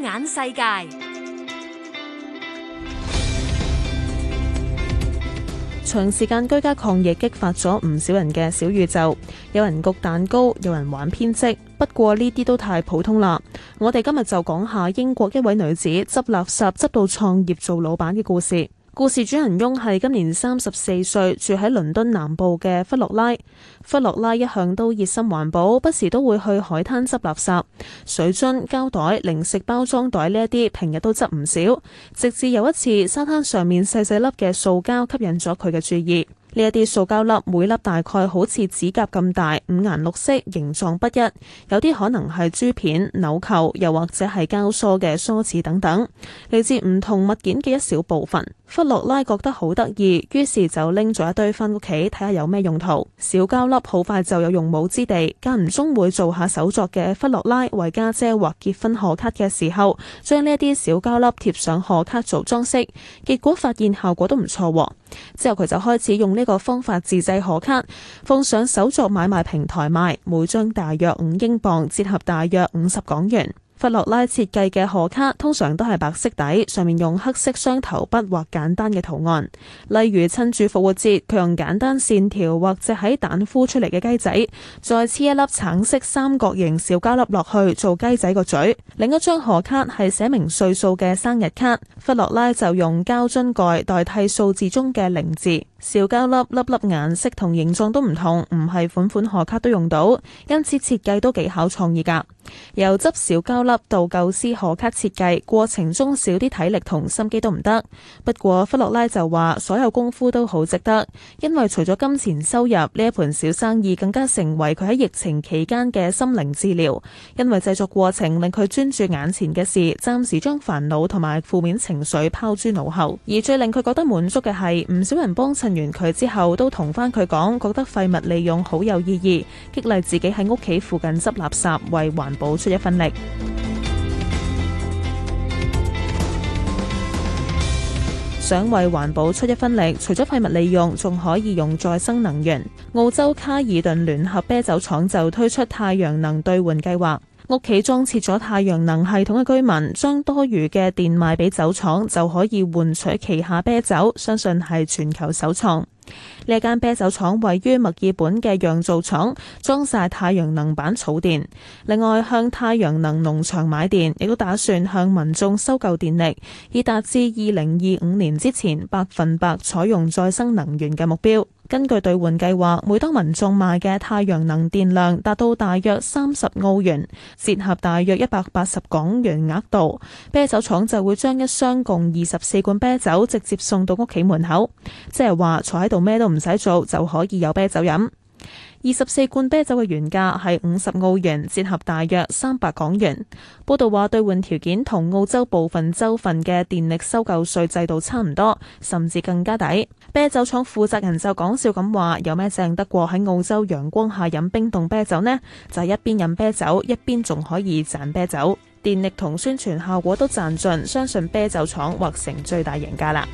眼世界，長時間居家抗疫激發咗唔少人嘅小宇宙。有人焗蛋糕，有人玩編織。不過呢啲都太普通啦。我哋今日就講下英國一位女子執垃圾執到創業做老板嘅故事。故事主人翁係今年三十四歲，住喺倫敦南部嘅弗洛拉。弗洛拉一向都熱心環保，不時都會去海灘執垃圾、水樽、膠袋、零食包裝袋呢一啲，平日都執唔少。直至有一次，沙灘上面細細粒嘅塑膠吸引咗佢嘅注意。呢一啲塑膠粒，每粒大概好似指甲咁大，五顏六色，形狀不一，有啲可能係珠片、紐扣，又或者係膠梳嘅梳齒等等，嚟自唔同物件嘅一小部分。弗洛拉覺得好得意，於是就拎咗一堆返屋企睇下有咩用途。小膠粒好快就有用武之地，間唔中會做下手作嘅。弗洛拉為家姐畫結婚賀卡嘅時候，將呢一啲小膠粒貼上賀卡做裝飾，結果發現效果都唔錯。之後佢就開始用呢呢個方法自製賀卡，奉上手作買賣平台賣，每張大約五英鎊，折合大約五十港元。弗洛拉設計嘅賀卡通常都係白色底，上面用黑色雙頭筆畫簡單嘅圖案，例如趁住復活節，佢用簡單線條或者喺蛋孵出嚟嘅雞仔，再黐一粒橙色三角形小膠粒落去做雞仔個嘴。另一張賀卡係寫明歲數嘅生日卡，弗洛拉就用膠樽蓋代替數字中嘅零字。小膠粒粒粒顏色同形狀都唔同，唔係款款賀卡都用到，因此設計都幾考創意㗎。由執小膠粒到構思賀卡設計，過程中少啲體力同心機都唔得。不過弗洛拉就話：所有功夫都好值得，因為除咗金錢收入，呢一盤小生意更加成為佢喺疫情期間嘅心靈治療。因為製作過程令佢專注眼前嘅事，暫時將煩惱同埋負面情緒拋諸腦後。而最令佢覺得滿足嘅係，唔少人幫襯。完佢之後，都同返佢講，覺得廢物利用好有意義，激勵自己喺屋企附近執垃圾，為環保出一分力。 想為環保出一分力，除咗廢物利用，仲可以用再生能源。澳洲卡爾頓聯合啤酒廠就推出太陽能兌換計劃。屋企裝設咗太陽能系統嘅居民，將多餘嘅電賣俾酒廠，就可以換取旗下啤酒。相信係全球首創。呢間啤酒廠位於墨爾本嘅釀造廠，裝晒太陽能板儲電。另外向太陽能農場買電，亦都打算向民眾收購電力，以達至二零二五年之前百分百採用再生能源嘅目標。根據兌換計劃，每當民眾賣嘅太陽能電量達到大約三十澳元，折合大約一百八十港元額度，啤酒廠就會將一箱共二十四罐啤酒直接送到屋企門口，即係話坐喺度咩都唔使做就可以有啤酒飲。二十四罐啤酒嘅原價係五十澳元，折合大約三百港元。報道話兌換條件同澳洲部分州份嘅電力收購稅制度差唔多，甚至更加抵。啤酒廠負責人就講笑咁話：有咩正得過喺澳洲陽光下飲冰凍啤酒呢？就一邊飲啤酒，一邊仲可以賺啤酒，電力同宣傳效果都賺盡，相信啤酒廠或成最大贏家啦。